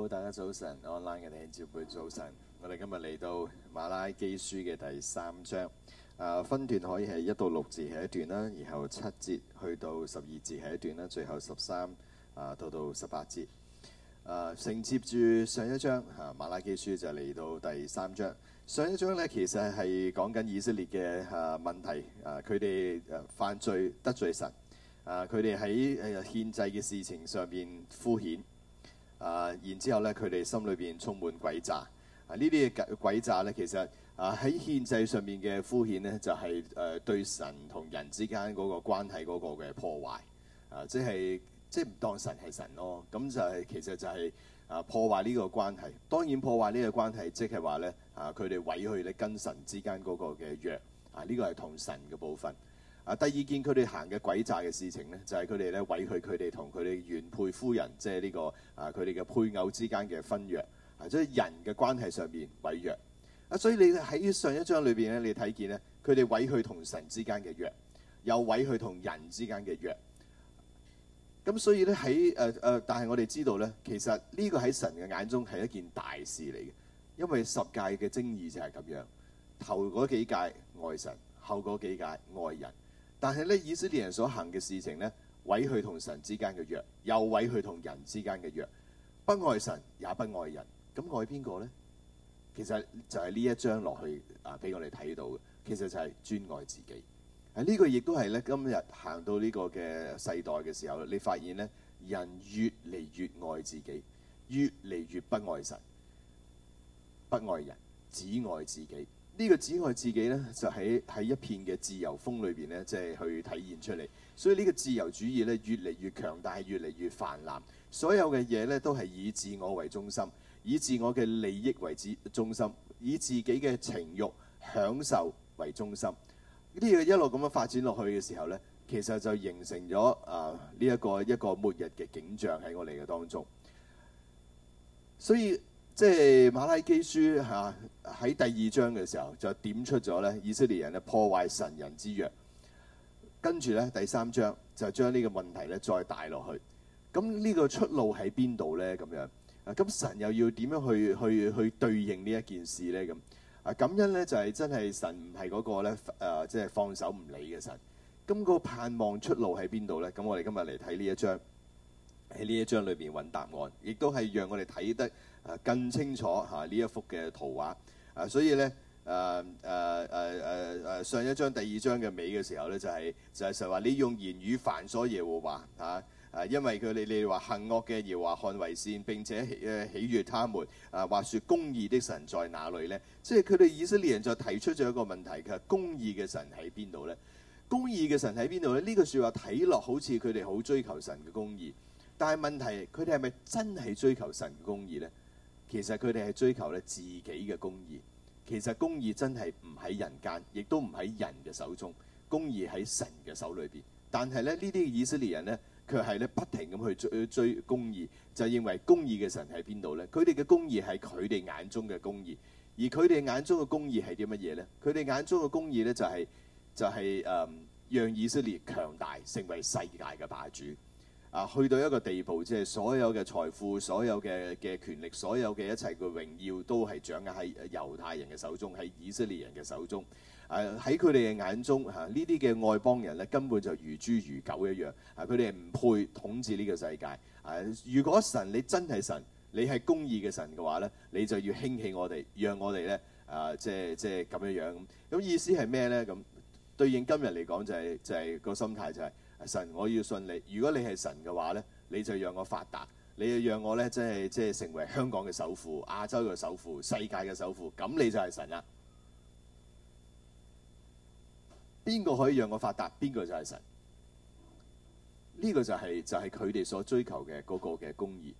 好，大家早晨，online 嘅弟兄姊妹早晨。我哋今日嚟到瑪拉基書嘅第三章。啊、呃，分段可以係一到六字係一段啦，然後七節去到十二字係一段啦，最後十三啊、呃、到到十八節、呃。啊，承接住上一章啊瑪拉基書就嚟到第三章。上一章呢，其實係講緊以色列嘅啊問題啊，佢哋犯罪得罪神啊，佢哋喺誒獻祭嘅事情上面敷衍。啊！然之後咧，佢哋心裏邊充滿詭詐啊！詐呢啲嘅詭詐咧，其實啊喺獻祭上面嘅敷衍咧，就係、是、誒、呃、對神同人之間嗰個關係嗰個嘅破壞啊！即係即唔當神係神咯，咁就係其實就係、是、啊破壞呢個關係。當然破壞呢個關係，即係話咧啊，佢哋毀去咧跟神之間嗰個嘅約啊，呢、這個係同神嘅部分。啊！第二件佢哋行嘅鬼詐嘅事情呢，就係佢哋咧違佢佢哋同佢哋原配夫人，即係呢個啊，佢哋嘅配偶之間嘅婚約，啊，即係人嘅關係上面違約。啊，所以你喺上一章裏邊咧，你睇見呢，佢哋委佢同神之間嘅約，又委佢同人之間嘅約。咁所以呢，喺誒誒，但係我哋知道呢，其實呢個喺神嘅眼中係一件大事嚟嘅，因為十誡嘅精義就係咁樣，頭嗰幾誡愛神，後嗰幾誡愛人。但係咧，以色列人所行嘅事情咧，毀去同神之間嘅約，又毀去同人之間嘅約，不愛神也不愛人，咁愛邊個咧？其實就係呢一章落去啊，俾我哋睇到嘅，其實就係專愛自己。這個、呢個亦都係咧，今日行到呢個嘅世代嘅時候，你發現咧，人越嚟越愛自己，越嚟越不愛神，不愛人，只愛自己。呢個只愛自己呢，就喺喺一片嘅自由風裏邊呢，即係去體現出嚟。所以呢個自由主義呢，越嚟越強大，越嚟越泛濫。所有嘅嘢呢，都係以自我為中心，以自我嘅利益為主中心，以自己嘅情慾享受為中心。呢個一路咁樣發展落去嘅時候呢，其實就形成咗啊呢一個一個末日嘅景象喺我哋嘅當中。所以，即係馬拉基書吓喺、啊、第二章嘅時候就點出咗咧，以色列人咧破壞神人之約。跟住咧第三章就將呢個問題咧再帶落去。咁、嗯、呢、呢個出路喺邊度呢？咁樣啊，咁神又要點樣去去去對應呢一件事呢？咁啊感恩呢，就係、是、真係神唔係嗰個咧、啊、即係放手唔理嘅神。咁、嗯，個盼望出路喺邊度呢？咁、嗯、我哋今日嚟睇呢一章，喺呢一章裏面揾答案，亦都係讓我哋睇得。啊，更清楚嚇呢、啊、一幅嘅圖畫啊，所以咧，誒誒誒誒誒上一章第二章嘅尾嘅時候咧，就係就係說話，就是、你用言語煩瑣耶和華啊，誒，因為佢哋你哋話行惡嘅耶和華看為善，並且誒喜悅他們啊，話説公義的神在哪裡咧？即係佢哋以色列人就提出咗一個問題，佢係公義嘅神喺邊度咧？公義嘅神喺邊度咧？呢、這個説話睇落好似佢哋好追求神嘅公義，但係問題佢哋係咪真係追求神嘅公義咧？其實佢哋係追求咧自己嘅公義，其實公義真係唔喺人間，亦都唔喺人嘅手中，公義喺神嘅手裏邊。但係咧，呢啲以色列人呢，卻係咧不停咁去追追公義，就認為公義嘅神喺邊度呢？佢哋嘅公義係佢哋眼中嘅公義，而佢哋眼中嘅公義係啲乜嘢呢？佢哋眼中嘅公義呢、就係，就係就係誒，讓以色列強大，成為世界嘅霸主。啊，去到一個地步，即係所有嘅財富、所有嘅嘅權力、所有嘅一切嘅榮耀，都係掌握喺猶太人嘅手中，喺以色列人嘅手中。誒喺佢哋嘅眼中，嚇呢啲嘅外邦人咧，根本就如豬如狗一樣。啊，佢哋唔配統治呢個世界。啊，如果神你真係神，你係公義嘅神嘅話咧，你就要興起我哋，讓我哋咧啊，即係即係咁樣樣。咁意思係咩咧？咁對應今日嚟講，就係，就係就係個心態就係、係。神，我要信你。如果你係神嘅話呢，你就讓我發達，你又讓我咧，即係即係成為香港嘅首富、亞洲嘅首富、世界嘅首富，咁你就係神啦。邊個可以讓我發達？邊個就係神？呢個就係就係佢哋所追求嘅嗰個嘅公義。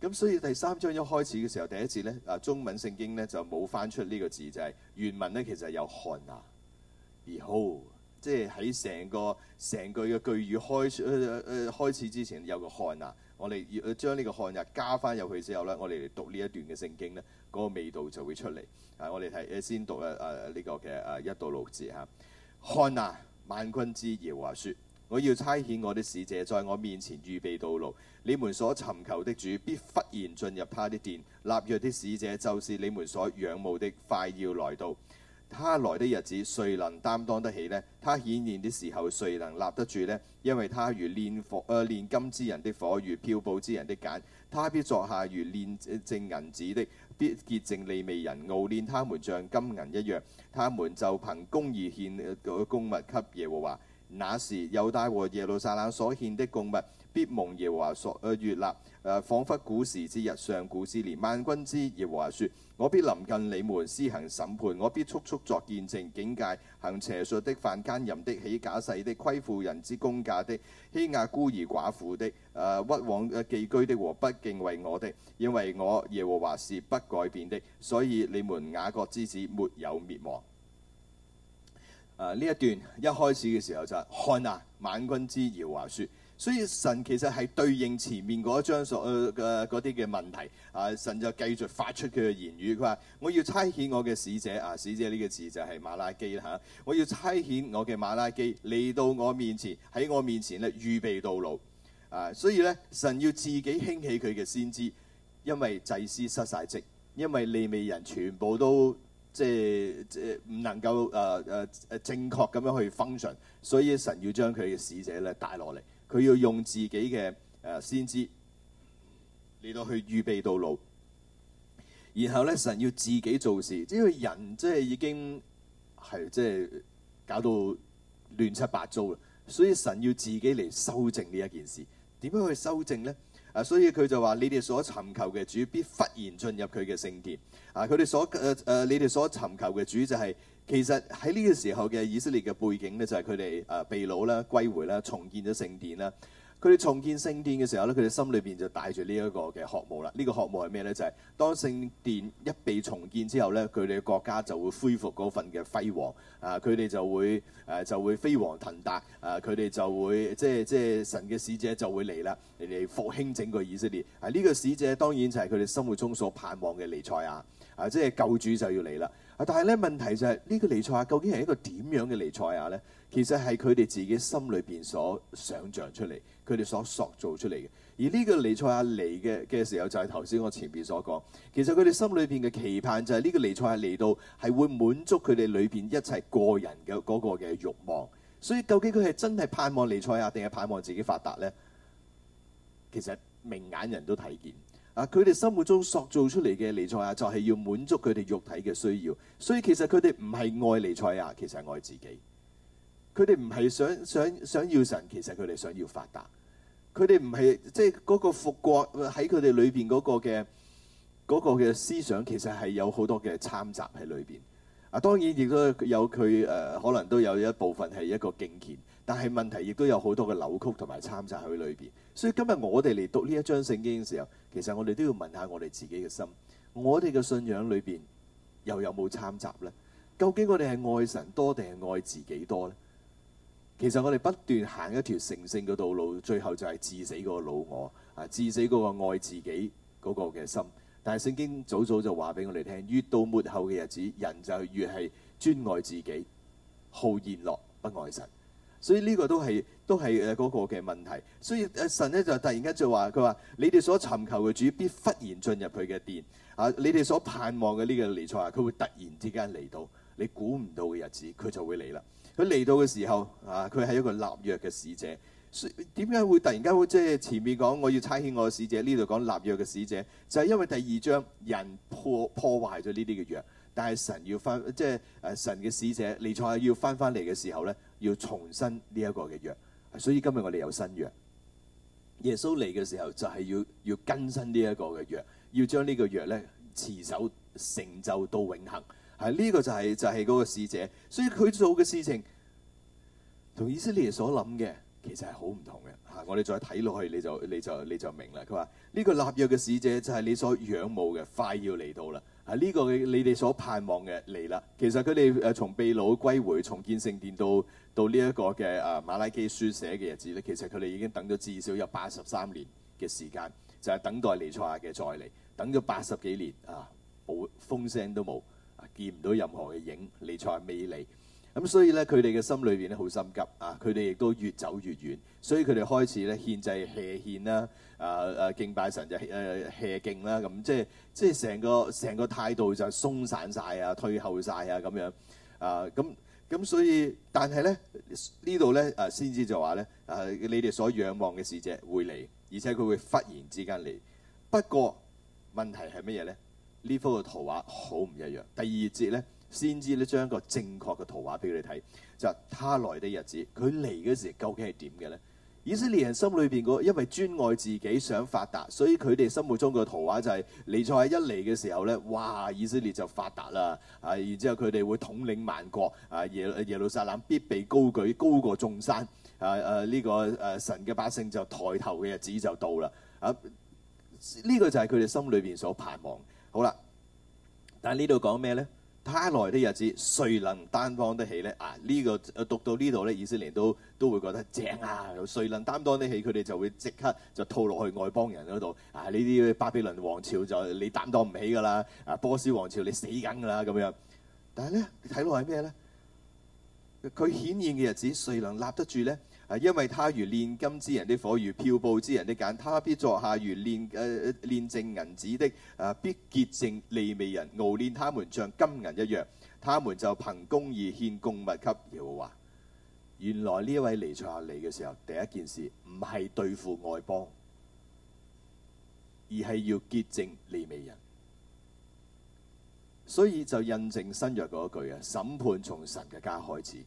咁所以第三章一開始嘅時候，第一節呢，啊，中文聖經呢就冇翻出呢個字，就係原文呢，其實有看啊，而後。即係喺成個成句嘅句語開誒誒、呃、開始之前有個看哪，我哋要將呢個看哪加翻入去之後呢，我哋讀呢一段嘅聖經呢，嗰、那個味道就會出嚟。啊，我哋睇先讀誒誒呢個嘅誒一到六字嚇。看哪，萬、這個啊啊、軍之耶和華說：我要差遣我的使者在我面前預備道路，你們所尋求的主必忽然進入他的殿，立約的使者就是你們所仰慕的，快要來到。他來的日子，誰能擔當得起呢？他顯現的時候，誰能立得住呢？因為他如煉火，誒、呃、煉金之人的火，如漂布之人的鹼。他必坐下如煉淨銀子的，必潔淨利未人。熬煉他們像金銀一樣，他們就憑公義獻個供物給耶和華。那時，猶大和耶路撒冷所獻的供物。必蒙耶和華所誒納誒，彷彿古時之日、上古之年。萬軍之耶和華説：我必臨近你們施行審判，我必速速作見證、警戒行邪術的、犯奸淫的、起假誓的、虧負人之公價的、欺壓孤兒寡婦的、誒、呃、屈枉寄居的和不敬畏我的。因為我耶和華是不改變的，所以你們雅各之子沒有滅亡。呢、呃、一段一開始嘅時候就係看啊，萬軍之耶和華説。所以神其實係對應前面嗰一章所嗰嘅啲嘅問題啊，神就繼續發出佢嘅言語，佢話我要差遣我嘅使者啊，使者呢個字就係馬拉基啦嚇、啊。我要差遣我嘅馬拉基嚟到我面前，喺我面前咧預備道路啊。所以咧，神要自己興起佢嘅先知，因為祭司失晒職，因為利未人全部都即係即係唔能夠誒誒誒正確咁樣去 function，所以神要將佢嘅使者咧帶落嚟，佢要用自己嘅誒先知嚟到去預備道路，然後咧神要自己做事，因為人即係已經係即係搞到亂七八糟啦，所以神要自己嚟修，修正呢一件事。點樣去修正咧？啊，所以佢就話：你哋所尋求嘅主必忽然進入佢嘅聖殿。啊，佢哋所誒誒，你哋所尋求嘅主就係、是。其實喺呢個時候嘅以色列嘅背景呢，就係佢哋誒被擄咧、歸回啦、重建咗聖殿啦。佢哋重建聖殿嘅時候呢，佢哋心裏邊就帶住呢一個嘅渴望啦。呢、這個渴望係咩呢？就係、是、當聖殿一被重建之後呢，佢哋國家就會恢復嗰份嘅輝煌啊！佢哋就會誒、啊、就會飛黃騰達啊！佢哋就會即係即係神嘅使者就會嚟啦，嚟嚟復興整個以色列啊！呢、這個使者當然就係佢哋生活中所盼望嘅彌賽亞啊！即、就、係、是、救主就要嚟啦。但係咧，問題就係呢個彌賽亞究竟係一個點樣嘅彌賽亞呢？其實係佢哋自己心裏邊所想像出嚟，佢哋所塑造出嚟嘅。而呢個彌賽亞嚟嘅嘅時候，就係頭先我前邊所講。其實佢哋心裏邊嘅期盼就係呢個彌賽亞嚟到係會滿足佢哋裏邊一切個人嘅嗰個嘅慾望。所以究竟佢係真係盼望彌賽亞，定係盼望自己發達呢？其實明眼人都睇見。啊！佢哋心目中塑造出嚟嘅彌賽亞就係要滿足佢哋肉體嘅需要，所以其實佢哋唔係愛彌賽亞，其實係愛自己。佢哋唔係想想想要神，其實佢哋想要發達。佢哋唔係即係嗰個復國喺佢哋裏邊嗰個嘅嗰個嘅思想，其實係有好多嘅參雜喺裏邊。啊，當然亦都有佢誒、呃，可能都有一部分係一個敬虔，但係問題亦都有好多嘅扭曲同埋參雜喺裏邊。所以今日我哋嚟讀呢一章聖經嘅時候。其實我哋都要問下我哋自己嘅心，我哋嘅信仰裏邊又有冇參雜呢？究竟我哋係愛神多定係愛自己多呢？其實我哋不斷行一條成聖嘅道路，最後就係治死嗰個老我啊，治死嗰個愛自己嗰個嘅心。但係聖經早早就話俾我哋聽，越到末後嘅日子，人就越係專愛自己、好宴樂不愛神。所以呢個都係。都係誒嗰個嘅問題，所以神咧就突然間就話：佢話你哋所尋求嘅主必忽然進入佢嘅殿啊！你哋所盼望嘅呢個尼賽啊，佢會突然之間嚟到，你估唔到嘅日子佢就會嚟啦。佢嚟到嘅時候啊，佢係一個立約嘅使者。點解會突然間會，即係前面講我要差遣我嘅使者，呢度講立約嘅使者？就係因為第二章人破破壞咗呢啲嘅約，但係神要返，即係誒神嘅使者尼賽亞要返返嚟嘅時候咧，要重新呢一個嘅約。所以今日我哋有新約，耶穌嚟嘅時候就係要要更新呢一個嘅約，要將呢個約咧持守成就到永恒，係呢、這個就係、是、就係、是、嗰個使者，所以佢做嘅事情同以色列所諗嘅。其實係好唔同嘅嚇、啊，我哋再睇落去你就你就你就，你就明啦。佢話呢個立約嘅使者就係你所仰慕嘅，快要嚟到啦。係、啊、呢、呢個你哋所盼望嘅嚟啦。其實佢哋誒從被擄歸回，重建聖殿到到呢一個嘅誒、啊、瑪拉基書寫嘅日子咧，其實佢哋已經等咗至少有八十三年嘅時間，就係、是、等待彌賽亞嘅再嚟，等咗八十幾年啊，冇風聲都冇啊，見唔到任何嘅影，彌賽亞未嚟。咁所以咧，佢哋嘅心裏邊咧好心急啊！佢哋亦都越走越遠，所以佢哋開始咧獻祭賒獻啦，啊啊敬拜神就誒、啊、賒敬啦，咁、啊、即係即係成個成個態度就鬆散晒、啊，退後晒啊咁樣啊咁咁、啊，所以但係咧呢度咧啊，先知就話咧啊，你哋所仰望嘅使者會嚟，而且佢會忽然之間嚟。不過問題係乜嘢咧？呢幅嘅圖畫好唔一樣。第二節咧。先知咧，將一個正確嘅圖畫俾你睇，就是、他來的日子，佢嚟嘅時究竟係點嘅呢？以色列人心裏邊嗰個因為專愛自己想發達，所以佢哋心目中嘅圖畫就係、是、尼賽一嚟嘅時候咧，哇！以色列就發達啦，啊！然之後佢哋會統領萬國，啊耶耶路撒冷必被高舉，高過眾山，啊啊呢、這個誒、啊、神嘅百姓就抬頭嘅日子就到啦！啊，呢、這個就係佢哋心裏邊所盼望。好啦，但係呢度講咩呢？他來的日子，誰能擔當得起咧？啊，呢、這個讀到呢度咧，以色列都都會覺得正啊！誰能擔當得起，佢哋就會即刻就套落去外邦人嗰度。啊，呢啲巴比倫王朝就你擔當唔起㗎啦！啊，波斯王朝你死梗㗎啦咁樣。但係呢，你睇落係咩呢？佢顯現嘅日子，誰能立得住呢？啊，因為他如煉金之人的火，如漂布之人的鹼，他必坐下如煉誒煉淨銀子的，啊，必潔淨利未人。熬煉他們像金銀一樣，他們就憑公義獻供物給耶和華。原來呢位彌賽亞嚟嘅時候，第一件事唔係對付外邦，而係要潔淨利未人。所以就印證新約嗰句啊，審判從神嘅家開始。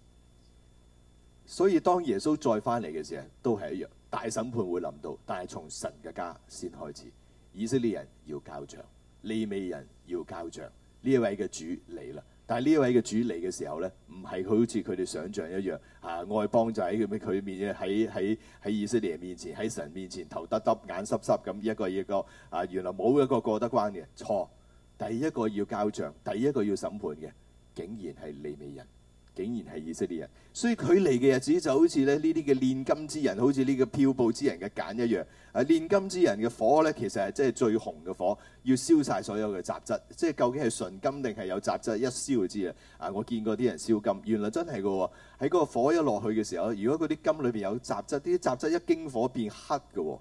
所以當耶穌再翻嚟嘅時候，都係一樣，大審判會臨到，但係從神嘅家先開始。以色列人要交賬，利未人要交賬。呢一位嘅主嚟啦，但係呢一位嘅主嚟嘅時候呢，唔係佢好似佢哋想象一樣，啊外邦就喺佢面嘅喺喺喺以色列面前喺神面前，頭耷耷眼濕濕咁，一個一個啊原來冇一個過得關嘅，錯，第一個要交賬，第一個要審判嘅竟然係利未人。竟然係以色列人，所以佢嚟嘅日子就好似咧呢啲嘅煉金之人，好似呢個漂布之人嘅鹼一樣。啊，煉金之人嘅火咧，其實係即係最紅嘅火，要燒晒所有嘅雜質。即係究竟係純金定係有雜質？一燒就知啦。啊，我見過啲人燒金，原來真係㗎喎。喺嗰個火一落去嘅時候，如果嗰啲金裏邊有雜質，啲雜質一經火變黑㗎喎、哦。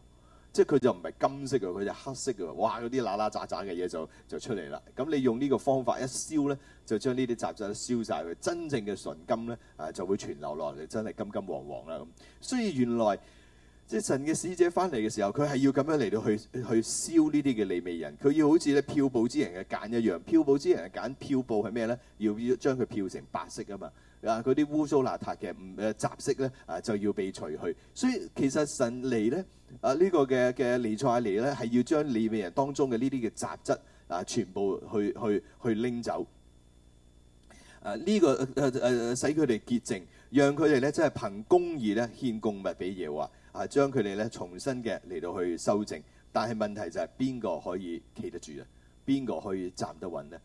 即係佢就唔係金色嘅，佢就黑色嘅。哇！嗰啲嗱嗱雜雜嘅嘢就就出嚟啦。咁你用呢個方法一燒呢，就將呢啲雜質燒晒佢，真正嘅純金呢，啊就會存留落嚟，真係金金黃黃啦咁。所以原來即係神嘅使者翻嚟嘅時候，佢係要咁樣嚟到去去燒呢啲嘅利未人，佢要好似呢漂布之人嘅揀一樣，漂布之人嘅揀漂布係咩呢？要要將佢漂成白色啊嘛。啊！嗰啲污糟邋遢嘅唔誒雜色咧，啊就要被除去。所以其實神嚟咧，啊、這個、呢個嘅嘅尼賽尼嚟咧，係要將利未人當中嘅呢啲嘅雜質啊，全部去去去拎走。啊呢、這個誒誒、啊啊、使佢哋潔淨，讓佢哋咧真係憑公義咧獻供物俾耶和華，啊將佢哋咧重新嘅嚟到去修正。但係問題就係邊個可以企得住咧？邊個可以站得穩呢？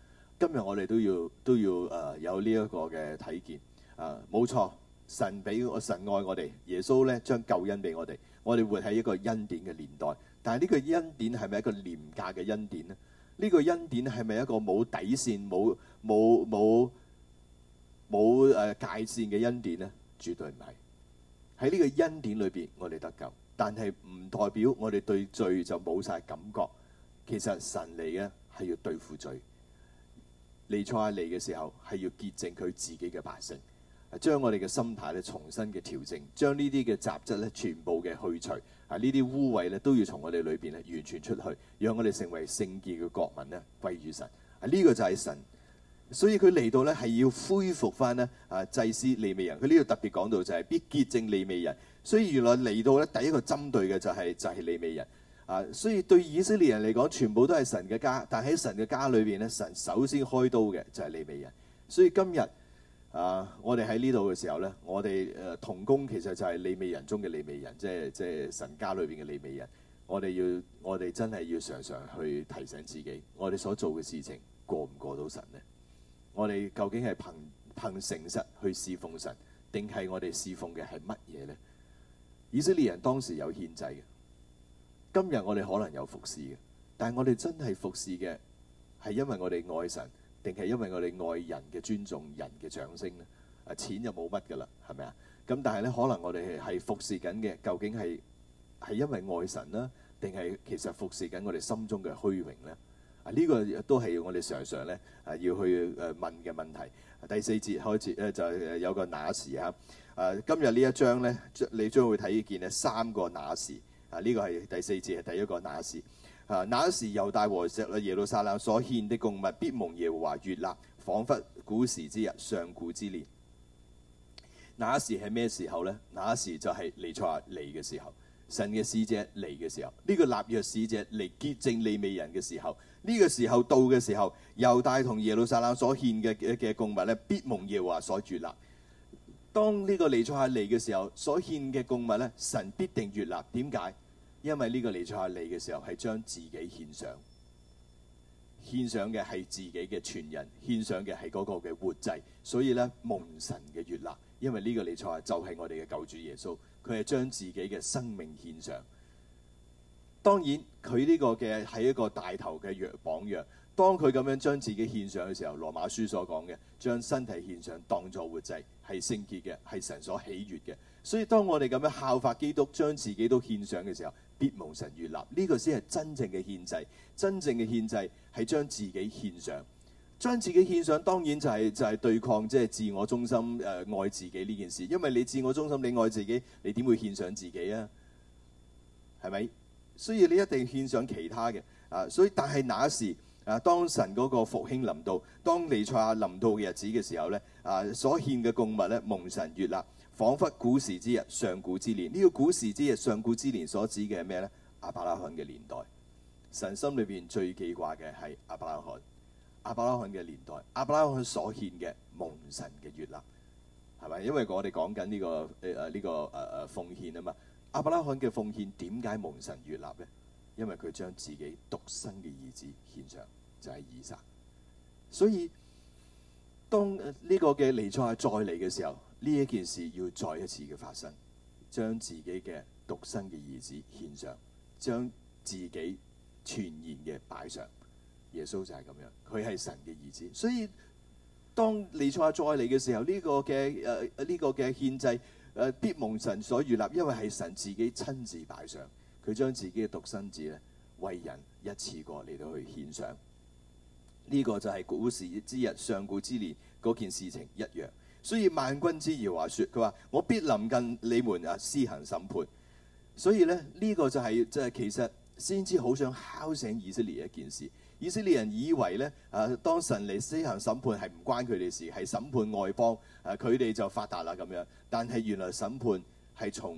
今日我哋都要都要誒有呢一個嘅體驗啊，冇錯，神俾我神愛我哋，耶穌咧將救恩俾我哋，我哋活喺一個恩典嘅年代。但係呢個恩典係咪一個廉價嘅恩典呢？呢個恩典係咪一個冇底線、冇冇冇冇誒界線嘅恩典呢？絕對唔係。喺呢個恩典裏邊，我哋得救，但係唔代表我哋對罪就冇曬感覺。其實神嚟嘅係要對付罪。你錯喺嚟嘅時候，係要潔淨佢自己嘅百姓，將我哋嘅心態咧重新嘅調整，將呢啲嘅雜質咧全部嘅去除，啊呢啲污穢咧都要從我哋裏邊咧完全出去，讓我哋成為聖潔嘅國民咧，歸於神。啊呢、這個就係神，所以佢嚟到咧係要恢復翻咧啊祭司利未人。佢呢度特別講到就係必潔淨利未人，所以原來嚟到咧第一個針對嘅就係、是、就係、是、利未人。啊，所以對以色列人嚟講，全部都係神嘅家，但喺神嘅家裏邊咧，神首先開刀嘅就係利未人。所以今日啊，我哋喺呢度嘅時候咧，我哋誒、啊、同工其實就係利未人中嘅利未人，即係即係神家裏邊嘅利未人。我哋要我哋真係要常常去提醒自己，我哋所做嘅事情過唔過到神咧？我哋究竟係憑憑誠實去侍奉神，定係我哋侍奉嘅係乜嘢呢？以色列人當時有獻祭嘅。今日我哋可能有服侍嘅，但係我哋真係服侍嘅，係因為我哋愛神，定係因為我哋愛人嘅尊重人嘅掌聲咧？啊，錢就冇乜噶啦，係咪啊？咁但係咧，可能我哋係服侍緊嘅，究竟係係因為愛神啦，定係其實服侍緊我哋心中嘅虛榮咧？啊，呢個都係我哋常常咧啊，要去誒問嘅問題。第四節開始咧，就係誒有個那時嚇？誒今日呢一章咧，你將會睇見咧三個那時。啊！呢、這個係第四節，係第一個那時。啊，那時猶大和石耶路撒冷所獻嘅供物必蒙耶和華悅納，彷彿古時之日，上古之年。那時係咩時候呢？那時就係彌賽亞嚟嘅時候，神嘅使者嚟嘅時候。呢、這個立約使者嚟潔淨利未人嘅時候，呢、這個時候到嘅時候，猶大同耶路撒冷所獻嘅嘅供物咧，必蒙耶和華所悅納。當呢個彌賽亞嚟嘅時候，所獻嘅供物咧，神必定悅納。點解？因為呢個彌賽亞嚟嘅時候係將自己獻上，獻上嘅係自己嘅全人，獻上嘅係嗰個嘅活祭，所以呢，蒙神嘅悦納。因為呢個彌賽亞就係我哋嘅救主耶穌，佢係將自己嘅生命獻上。當然佢呢個嘅係一個大頭嘅樣榜樣。當佢咁樣將自己獻上嘅時候，羅馬書所講嘅將身體獻上當作活祭，係聖潔嘅，係神所喜悦嘅。所以當我哋咁樣效法基督，將自己都獻上嘅時候。必蒙神悅納，呢個先係真正嘅獻祭。真正嘅獻祭係將自己獻上，將自己獻上當然就係就係對抗，即係自我中心誒，愛自己呢件事。因為你自我中心，你愛自己，你點會獻上自己啊？係咪？所以你一定要獻上其他嘅啊。所以但係那時啊，當神嗰個復興臨到，當尼賽亞臨到嘅日子嘅時候呢，啊，所獻嘅供物呢，蒙神悅納。彷彿古時之日、上古之年，呢、這個古時之日、上古之年所指嘅係咩咧？亞伯拉罕嘅年代，神心裏邊最記掛嘅係亞伯拉罕。亞伯拉罕嘅年代，亞伯拉罕所獻嘅蒙神嘅悦納，係咪？因為我哋講緊呢個誒誒呢個誒誒、呃、奉獻啊嘛。亞伯拉罕嘅奉獻點解蒙神悦納咧？因為佢將自己獨生嘅兒子獻上，就係、是、以撒。所以當呢個嘅彌賽亞再嚟嘅時候，呢一件事要再一次嘅發生，將自己嘅獨生嘅兒子獻上，將自己全然嘅擺上。耶穌就係咁樣，佢係神嘅兒子。所以當離賽再嚟嘅時候，呢個嘅誒呢個嘅獻祭誒必蒙神所預立，因為係神自己親自擺上，佢將自己嘅獨生子咧為人一次過嚟到去獻上。呢個就係古時之日、上古之年嗰件事情一樣。所以萬軍之耶和華說，佢話我必臨近你們啊，施行審判。所以呢，呢個就係即係其實先知好想敲醒以色列一件事。以色列人以為呢，啊當神嚟施行審判係唔關佢哋事，係審判外邦啊，佢哋就發達啦咁樣。但係原來審判係從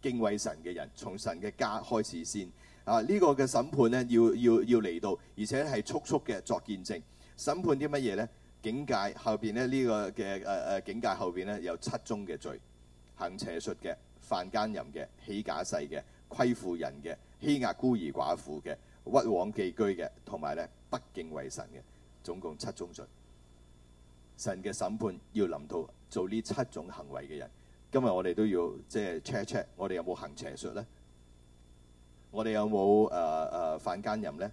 敬畏神嘅人，從神嘅家開始先啊，呢個嘅審判呢，要要要嚟到，而且係速速嘅作見證。審判啲乜嘢呢？警戒，後邊咧呢、這個嘅誒誒警戒後邊咧有七宗嘅罪：行邪術嘅、犯奸淫嘅、起假誓嘅、虧負人嘅、欺壓孤兒寡婦嘅、屈枉寄居嘅，同埋咧不敬畏神嘅，總共七宗罪。神嘅審判要臨到做呢七種行為嘅人，今日我哋都要即係 check check，我哋有冇行邪術咧？我哋有冇誒誒犯奸淫咧？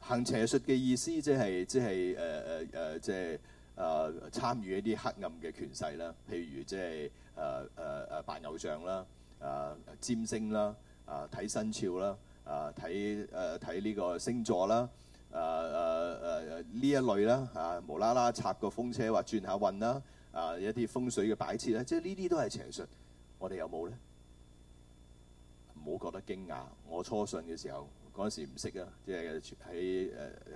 行邪術嘅意思即係即係誒誒誒即係。就是就是呃呃就是誒、啊、參與一啲黑暗嘅權勢啦，譬如即係誒誒誒扮偶像啦、誒、啊、占星啦、誒睇生肖啦、誒睇誒睇呢個星座啦、誒誒誒呢一類啦嚇、啊，無啦啦拆個風車或轉下運啦、誒、啊、一啲風水嘅擺設咧，即係呢啲都係邪術。我哋有冇咧？唔好覺得驚訝，我初信嘅時候。嗰時唔識啊，即係喺誒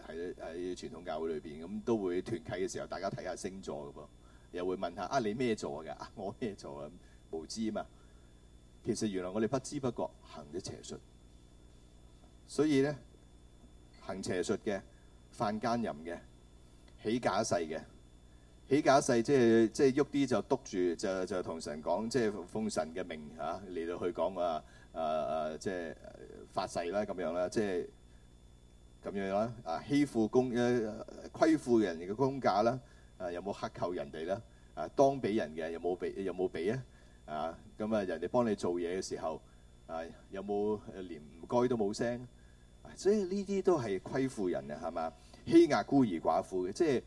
喺喺傳統教會裏邊，咁都會團契嘅時候，大家睇下星座嘅噃，又會問下啊你咩座嘅啊？我咩座啊，無知啊嘛。其實原來我哋不知不覺行咗邪術，所以咧行邪術嘅、犯奸淫嘅、起假誓嘅、起假誓即係即係喐啲就督住就就同神講，即係封神嘅名，吓，啊，嚟到去講啊啊啊即係。發誓啦，咁樣啦，即係咁樣啦，啊欺負公誒虧負人哋嘅公價啦，啊有冇克扣人哋啦？啊當俾人嘅有冇俾有冇俾啊？啊咁啊人哋幫你做嘢嘅時候，啊有冇連唔該都冇聲？啊，所以呢啲都係虧負人嘅係嘛？欺壓孤兒寡婦嘅，即係誒誒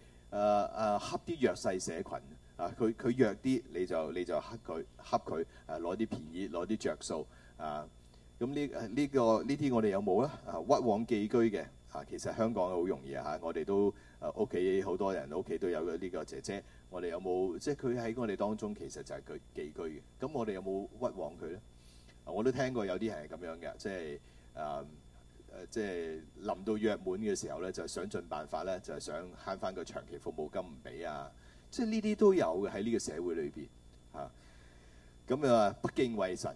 恰啲弱勢社群。啊！佢佢弱啲你就你就恰佢恰佢誒攞啲便宜攞啲着數啊！啊咁、這個、呢呢個呢啲我哋有冇啊？屈枉寄居嘅啊，其實香港好容易嚇、啊，我哋都屋企好多人，屋企都有呢個姐姐。我哋有冇即係佢喺我哋當中，其實就係佢寄居嘅。咁我哋有冇屈枉佢咧、啊？我都聽過有啲人係咁樣嘅，即係誒誒，即係臨到約滿嘅時候咧，就是、想盡辦法咧，就係、是、想慳翻個長期服務金唔俾啊！即係呢啲都有嘅喺呢個社會裏邊嚇。咁啊，不敬、啊、為神。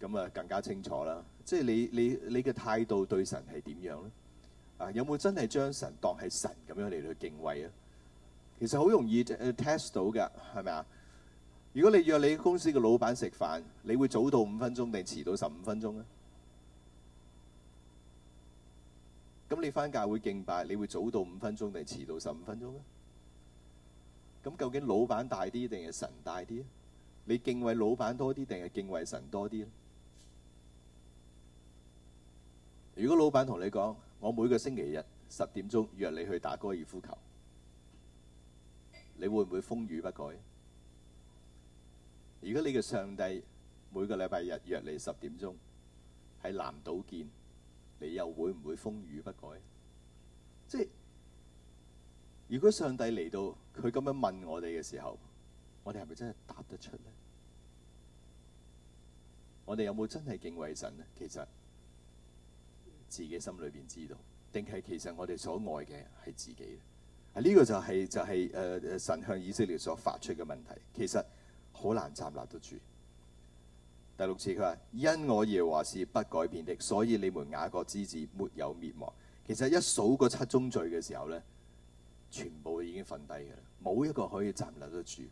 咁啊，更加清楚啦！即係你你你嘅態度對神係點樣咧？啊，有冇真係將神當係神咁樣嚟去敬畏啊？其實好容易 test 到㗎，係咪啊？如果你約你公司嘅老闆食飯，你會早到五分鐘定遲到十五分鐘咧？咁你返教會敬拜，你會早到五分鐘定遲到十五分鐘咧？咁究竟老闆大啲定係神大啲？你敬畏老闆多啲定係敬畏神多啲咧？如果老闆同你講，我每個星期日十點鐘約你去打高爾夫球，你會唔會風雨不改？如果你嘅上帝每個禮拜日約你十點鐘喺南島見，你又會唔會風雨不改？即係如果上帝嚟到，佢咁樣問我哋嘅時候，我哋係咪真係答得出咧？我哋有冇真係敬畏神咧？其實，自己心裏邊知道，定係其實我哋所愛嘅係自己。呢、啊呢個就係、是、就係誒誒神向以色列所發出嘅問題，其實好難站立得住。第六次佢話：因我耶和華是不改變的，所以你們雅各之子沒有滅亡。其實一數個七宗罪嘅時候呢，全部已經瞓低嘅啦，冇一個可以站立得住。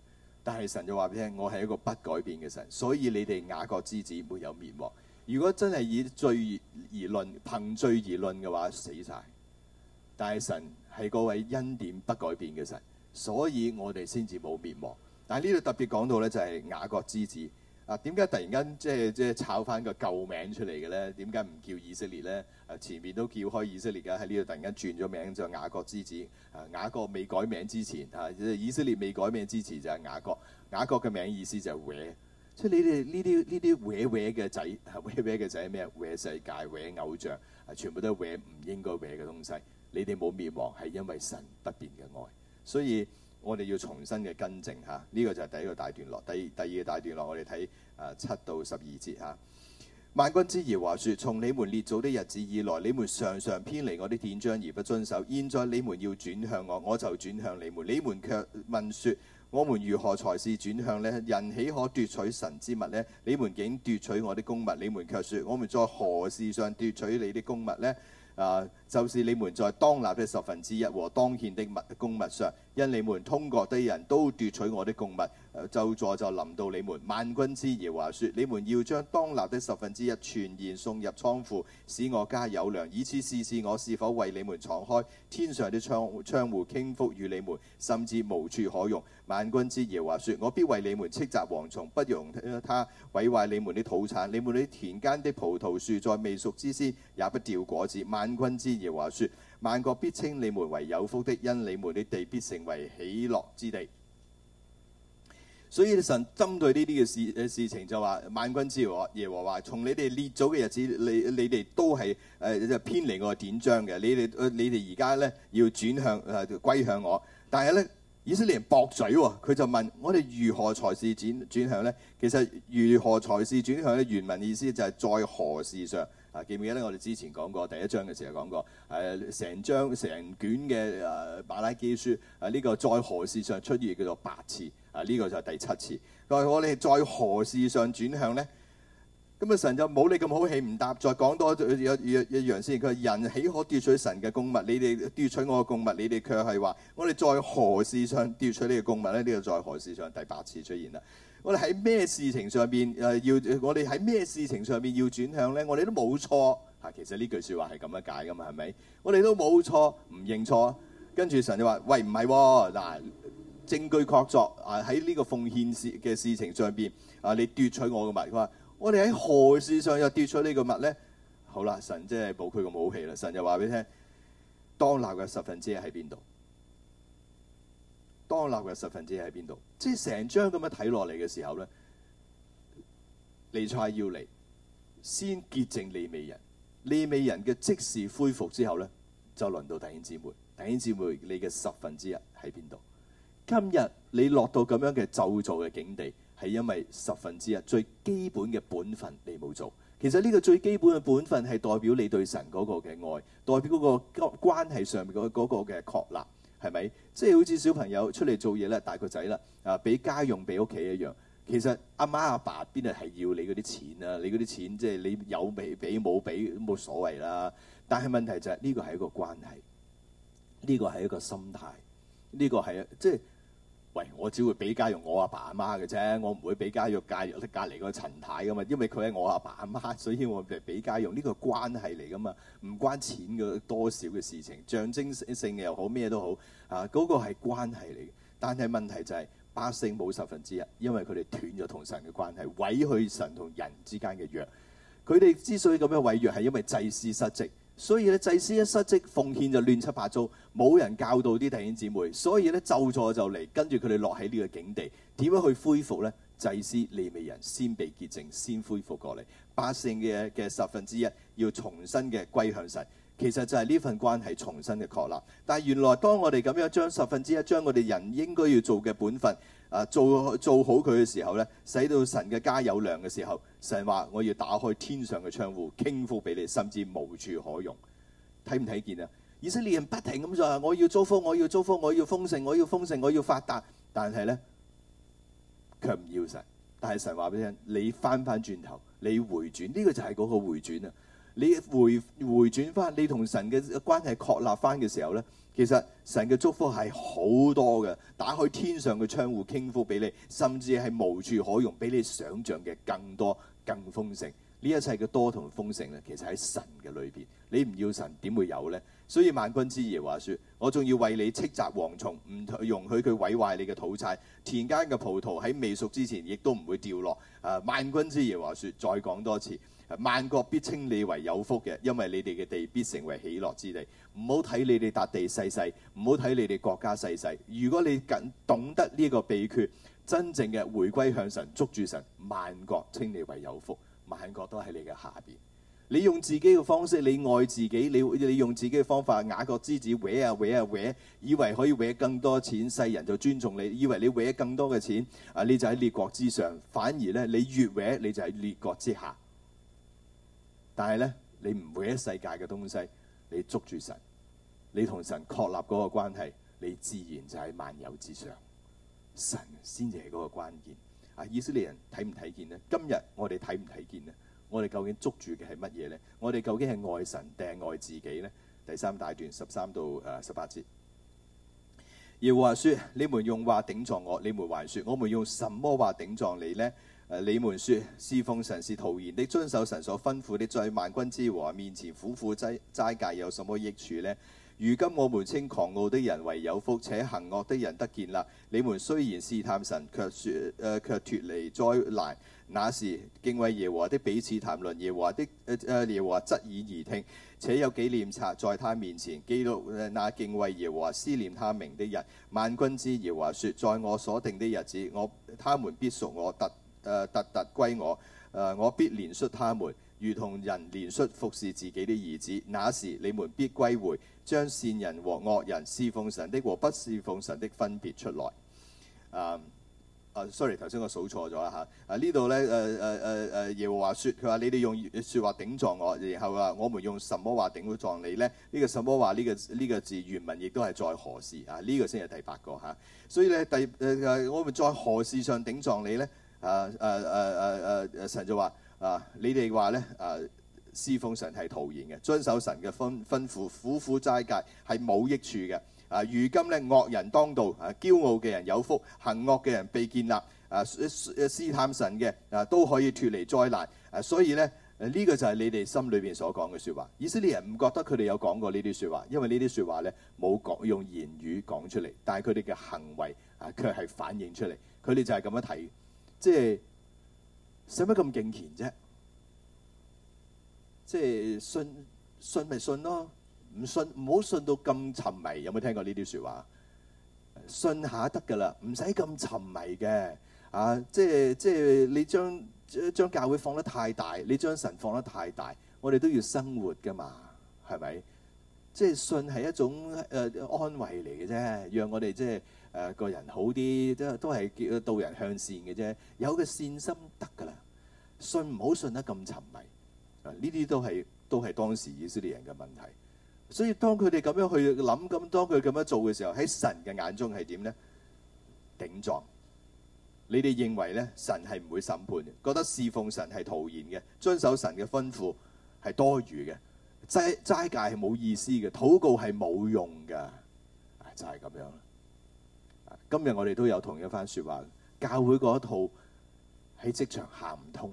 但係神就話俾你聽：我係一個不改變嘅神，所以你哋雅各之子沒有滅亡。如果真係以罪而論，憑罪而論嘅話，死晒。大神係嗰位恩典不改變嘅神，所以我哋先至冇滅亡。但係呢度特別講到咧，就係、是、雅各之子。啊，點解突然間即係即係抄返個舊名出嚟嘅咧？點解唔叫以色列咧？啊，前面都叫開以色列嘅，喺呢度突然間轉咗名就是、雅各之子。啊，雅各未改名之前，啊，即係以色列未改名之前、啊、名就係雅各。雅各嘅名意思就係、是即係你哋呢啲呢啲搲搲嘅仔，搲搲嘅仔咩？搲世界，搲偶像，係全部都係搲唔應該搲嘅東西。你哋冇滅亡係因為神不變嘅愛，所以我哋要重新嘅更正嚇。呢、啊這個就係第一個大段落。第二第二個大段落，我哋睇誒七到十二節嚇、啊。萬軍之耶和華說：從你們列祖的日子以來，你們常常偏離我的典章而不遵守。現在你們要轉向我，我就轉向你們。你們卻問說。我們如何才是轉向呢？人豈可奪取神之物呢？你們竟奪取我的供物，你們卻説我們在何事上奪取你的供物呢？啊，就是你們在當納的十分之一和當獻的物供物上。因你們通國的人都奪取我的供物，呃、咒詛就臨到你們。萬軍之耶和華說：你們要將當納的十分之一全然送入倉庫，使我家有糧。以此試試我是否為你們敞開天上的窗窗戶，傾福與你們，甚至無處可容。萬軍之耶和華說：我必為你們斥責蝗蟲，不容他毀壞你們的土產。你們的田間的葡萄樹在未熟之先也不掉果子。萬軍之耶和華說。萬國必稱你們為有福的，因你們的地必成為喜樂之地。所以神針對呢啲嘅事嘅事情就話：萬軍之王耶和華，從你哋列祖嘅日子，你你哋都係誒、呃就是、偏離我典章嘅，你哋、呃、你哋而家咧要轉向誒、呃、歸向我。但係咧，以色列人駁嘴、哦，佢就問我哋如何才是轉轉向咧？其實如何才是轉向咧？原文意思就係在何事上？啊，記唔記得我哋之前講過第一章嘅時候講過，誒成章成卷嘅誒、啊、瑪拉基書，誒、啊、呢、這個在何事上出現叫做八次，啊呢、這個就係第七次。佢話我哋在何事上轉向呢？咁啊神就冇你咁好氣，唔答，再講多有有一樣先。佢話人豈可奪取，取神嘅供物？你哋奪取，取我嘅供物，你哋卻係話我哋在何事上奪取，取你呢個供物咧？呢、這個在何事上第八次出現啦？我哋喺咩事情上邊誒？要我哋喺咩事情上邊要轉向咧？我哋都冇錯嚇。其實呢句説話係咁樣解㗎嘛，係咪？我哋都冇錯，唔認錯。跟住神就話：喂，唔係喎，嗱，證據確鑿啊！喺呢個奉獻事嘅事情上邊啊，你奪取我嘅物。佢話：我哋喺何事上又奪取呢個物咧？好啦，神即係補佢個武器啦。神就話俾你聽：當立嘅十分之一喺邊度？當立嘅十分之一喺邊度？即係成張咁樣睇落嚟嘅時候咧，利差要嚟先潔淨利未人，利未人嘅即時恢復之後咧，就輪到弟兄姊妹。弟兄姊妹，你嘅十分之一喺邊度？今日你落到咁樣嘅咒詛嘅境地，係因為十分之一最基本嘅本分你冇做。其實呢個最基本嘅本分係代表你對神嗰個嘅愛，代表嗰個關關係上面嗰嗰個嘅確立。係咪？即係好似小朋友出嚟做嘢咧，大個仔啦，啊俾家用俾屋企一樣。其實阿媽阿爸邊度係要你嗰啲錢啊？你嗰啲錢即係你有未俾冇俾都冇所謂啦。但係問題就係呢個係一個關係，呢個係一個心態，呢個係即係。喂，我只會俾家用我阿爸阿媽嘅啫，我唔會俾家用家用隔離個陳太噶嘛，因為佢係我阿爸阿媽，所以我嚟俾家用呢、這個關係嚟噶嘛，唔關錢嘅多少嘅事情，象徵性嘅又好咩都好啊，嗰、這個係關係嚟。但係問題就係、是、百姓冇十分之一，因為佢哋斷咗同神嘅關係，毀去神同人之間嘅約。佢哋之所以咁樣毀約，係因為祭祀失職。所以咧，祭司一失職，奉獻就亂七八糟，冇人教導啲弟兄姊妹。所以咧，就助就嚟跟住佢哋落喺呢個境地。點樣去恢復呢？祭司利未人先被潔淨，先恢復過嚟。百姓嘅嘅十分之一要重新嘅歸向神，其實就係呢份關係重新嘅確立。但係原來當我哋咁樣將十分之一，將我哋人應該要做嘅本分。啊！做做好佢嘅時候咧，使到神嘅家有糧嘅時候，神話我要打開天上嘅窗戶，傾福俾你，甚至無處可容。睇唔睇見啊？以色列人不停咁做啊！我要租福，我要租福，我要豐盛，我要豐盛，我要發達。但係咧，卻唔要神。但係神話俾你聽，你翻翻轉頭，你回轉，呢、呢個就係嗰個回轉啊！你回回轉翻你同神嘅關係確立翻嘅時候呢，其實神嘅祝福係好多嘅，打開天上嘅窗戶，傾覆俾你，甚至係無處可容，比你想像嘅更多、更豐盛。呢一切嘅多同豐盛呢，其實喺神嘅裏邊。你唔要神點會有呢？所以萬軍之爺話説：我仲要為你斥責蝗蟲，唔容許佢毀壞你嘅土產。田間嘅葡萄喺未熟之前，亦都唔會掉落。啊！萬軍之爺話説，再講多次。萬國必稱你為有福嘅，因為你哋嘅地必成為喜樂之地。唔好睇你哋笪地細細，唔好睇你哋國家細細。如果你僅懂得呢個秘訣，真正嘅回歸向神，捉住神，萬國稱你為有福。萬國都喺你嘅下邊。你用自己嘅方式，你愛自己，你你用自己嘅方法，雅各之子搲啊搲啊搲，以為可以搲更多錢，世人就尊重你。以為你搲更多嘅錢，啊你就喺列國之上。反而呢，你越搲你就喺列國之下。但係咧，你唔會喺世界嘅東西，你捉住神，你同神確立嗰個關係，你自然就喺萬有之上。神先至係嗰個關鍵。啊，以色列人睇唔睇見呢？今日我哋睇唔睇見呢？我哋究竟捉住嘅係乜嘢呢？我哋究竟係愛神定係愛自己呢？第三大段十三到誒十八節，耶和華説：你們用話頂撞我，你們還説：我們用什麼話頂撞你呢？你們説侍奉神是徒然的，遵守神所吩咐的，在萬軍之王面前苦苦齋齋戒，有什麼益處呢？如今我們稱狂傲的人為有福，且行惡的人得見了。你們雖然試探神，卻誒、呃、卻脱離災難。那時敬畏耶和華的彼此談論耶、呃，耶和華的誒誒耶和華側耳而聽，且有紀念冊在他面前。記錄那敬畏耶和華、思念他名的人，萬軍之耶和華説：在我所定的日子，我他們必屬我得。誒特特歸我，誒、呃、我必憐恤他們，如同人憐恤服侍自己的兒子。那時你們必歸回，將善人和惡人、侍奉神的和不侍奉神的分別出來。啊啊，Sorry，頭先我數錯咗啦嚇。啊呢度咧誒誒誒誒，耶和華説：佢話你哋用説話頂撞我，然後啊，我們用什麼話頂撞你呢？呢、這個什麼話？呢、這個呢、這個字原文亦都係在何事啊？呢、這個先係第八個嚇、啊。所以咧，第誒誒、啊，我們在何事上頂撞你呢？啊！誒誒誒誒誒神就話：啊，你哋話咧啊，侍奉神係徒然嘅，遵守神嘅吩吩咐，苦苦齋戒係冇益處嘅。啊，如今咧惡人當道，啊，驕傲嘅人有福，行惡嘅人被建立。啊，試探神嘅啊都可以脫離災難。啊，所以咧呢，啊，這個就係你哋心裏邊所講嘅説話。以色列人唔覺得佢哋有講過呢啲説話，因為說呢啲説話咧冇講用言語講出嚟，但係佢哋嘅行為啊卻係反映出嚟。佢哋就係咁樣睇。即係使乜咁敬虔啫？即係信信咪信咯，唔信唔好信到咁沉迷。有冇聽過呢啲説話？信下得㗎啦，唔使咁沉迷嘅。啊，即係即係你將將教會放得太大，你將神放得太大，我哋都要生活㗎嘛？係咪？即係信係一種誒、呃、安慰嚟嘅啫，讓我哋即係，誒個人好啲，都都係叫導人向善嘅啫。有個善心得㗎啦，信唔好信得咁沉迷。啊，呢啲都係都係當時以色列人嘅問題。所以當佢哋咁樣去諗咁，當佢咁樣做嘅時候，喺神嘅眼中係點咧？頂撞！你哋認為咧，神係唔會審判嘅，覺得侍奉神係徒然嘅，遵守神嘅吩咐係多餘嘅，齋齋戒係冇意思嘅，禱告係冇用㗎，啊就係咁樣。今日我哋都有同一番説話，教會嗰套喺職場行唔通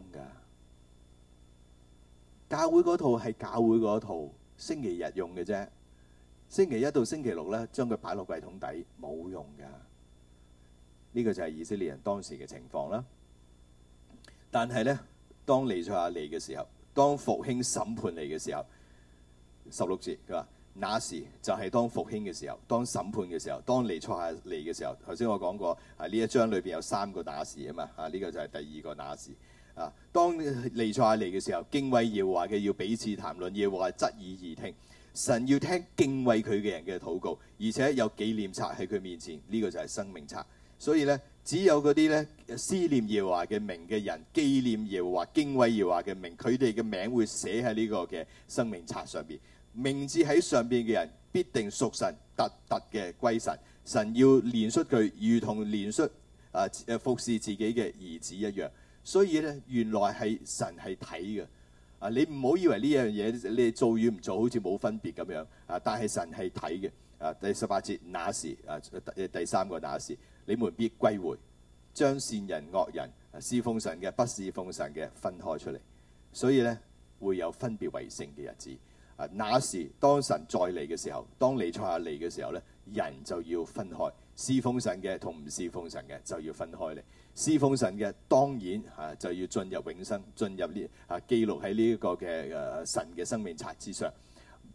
㗎，教會嗰套係教會嗰套，星期日用嘅啫，星期一到星期六咧，將佢擺落櫃桶底冇用㗎，呢個就係以色列人當時嘅情況啦。但係咧，當彌賽亞嚟嘅時候，當復興審判嚟嘅時候，十六節佢話，那時就係當復興嘅時候，當審判嘅時候，當尼錯阿離嘅時候。頭先我講過，啊呢一章裏邊有三個那時啊嘛，啊呢、呢個就係第二個那時啊。當尼錯阿離嘅時候，敬畏耶和華嘅要彼此談論，耶和華側耳而聽。神要聽敬畏佢嘅人嘅禱告，而且有紀念冊喺佢面前。呢、呢個就係生命冊。所以呢，只有嗰啲咧思念耶和華嘅名嘅人，紀念耶和華、敬畏耶和華嘅名，佢哋嘅名會寫喺呢個嘅生命冊上面。名字喺上邊嘅人必定屬神，特特嘅歸神。神要憐恤佢，如同憐恤啊誒服侍自己嘅兒子一樣。所以咧，原來係神係睇嘅啊！你唔好以為呢樣嘢你做與唔做好似冇分別咁樣啊。但係神係睇嘅啊。第十八節，那時啊，第三個那時，你們必歸回，將善人惡人侍奉神嘅不侍奉神嘅分開出嚟。所以咧，會有分別為聖嘅日子。啊！那時當神再嚟嘅時候，當你坐下嚟嘅時候咧，人就要分開，侍奉神嘅同唔侍奉神嘅就要分開嚟。侍奉神嘅當然嚇就要進入永生，進入呢嚇記錄喺呢一個嘅誒神嘅生命冊子上。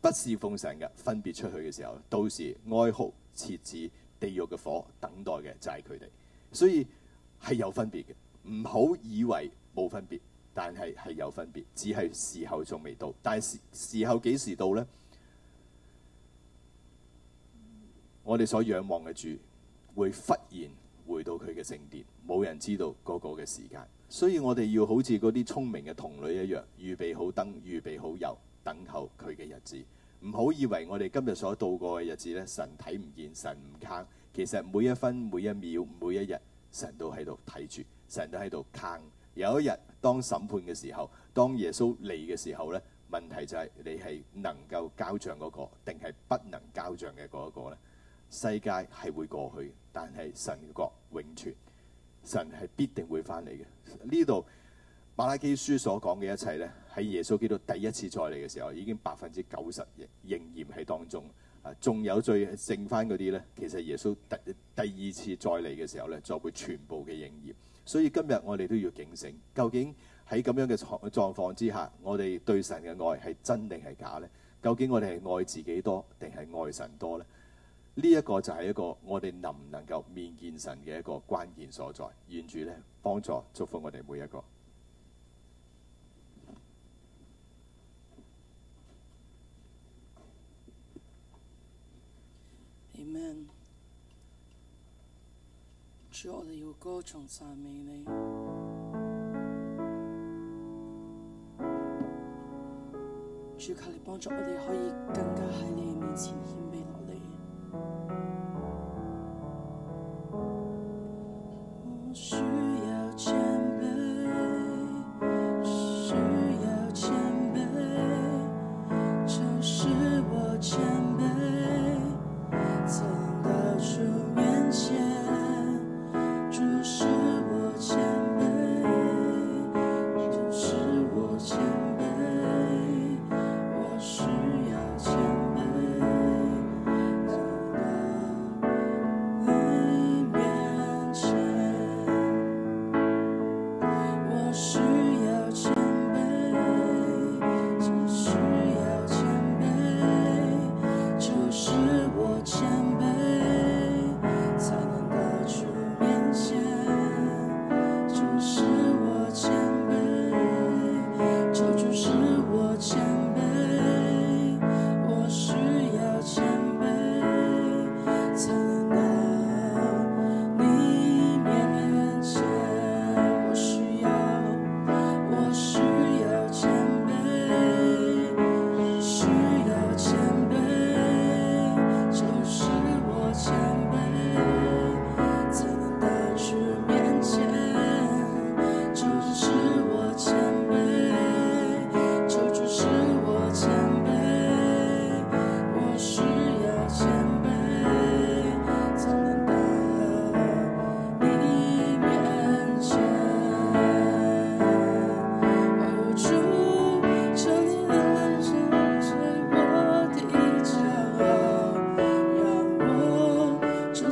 不侍奉神嘅分別出去嘅時候，到時哀哭切齒地獄嘅火，等待嘅就係佢哋。所以係有分別嘅，唔好以為冇分別。但係係有分別，只係時候仲未到。但係時候幾時到呢？我哋所仰望嘅主會忽然回到佢嘅聖殿，冇人知道嗰個嘅時間。所以我哋要好似嗰啲聰明嘅童女一樣，預備好燈，預備好油，等候佢嘅日子。唔好以為我哋今日所度過嘅日子咧，神睇唔見，神唔坑。其實每一分、每一秒、每一日，神都喺度睇住，神都喺度坑。有一日當審判嘅時候，當耶穌嚟嘅時候咧，問題就係你係能夠交賬嗰個，定係不能交賬嘅嗰一個咧？世界係會過去，但係神國永存，神係必定會翻嚟嘅。呢度馬拉基書所講嘅一切咧，喺耶穌基督第一次再嚟嘅時候，已經百分之九十應應驗喺當中啊，仲有最剩翻嗰啲咧，其實耶穌第第二次再嚟嘅時候咧，就會全部嘅應驗。所以今日我哋都要警醒，究竟喺咁樣嘅狀況之下，我哋對神嘅愛係真定係假咧？究竟我哋係愛自己多定係愛神多咧？呢一個就係一個我哋能唔能夠面見神嘅一個關鍵所在。願主咧幫助祝福我哋每一個。Amen。主，我哋要歌頌讚美你靠你，主，求你幫助我哋可以更加喺你面前顯美。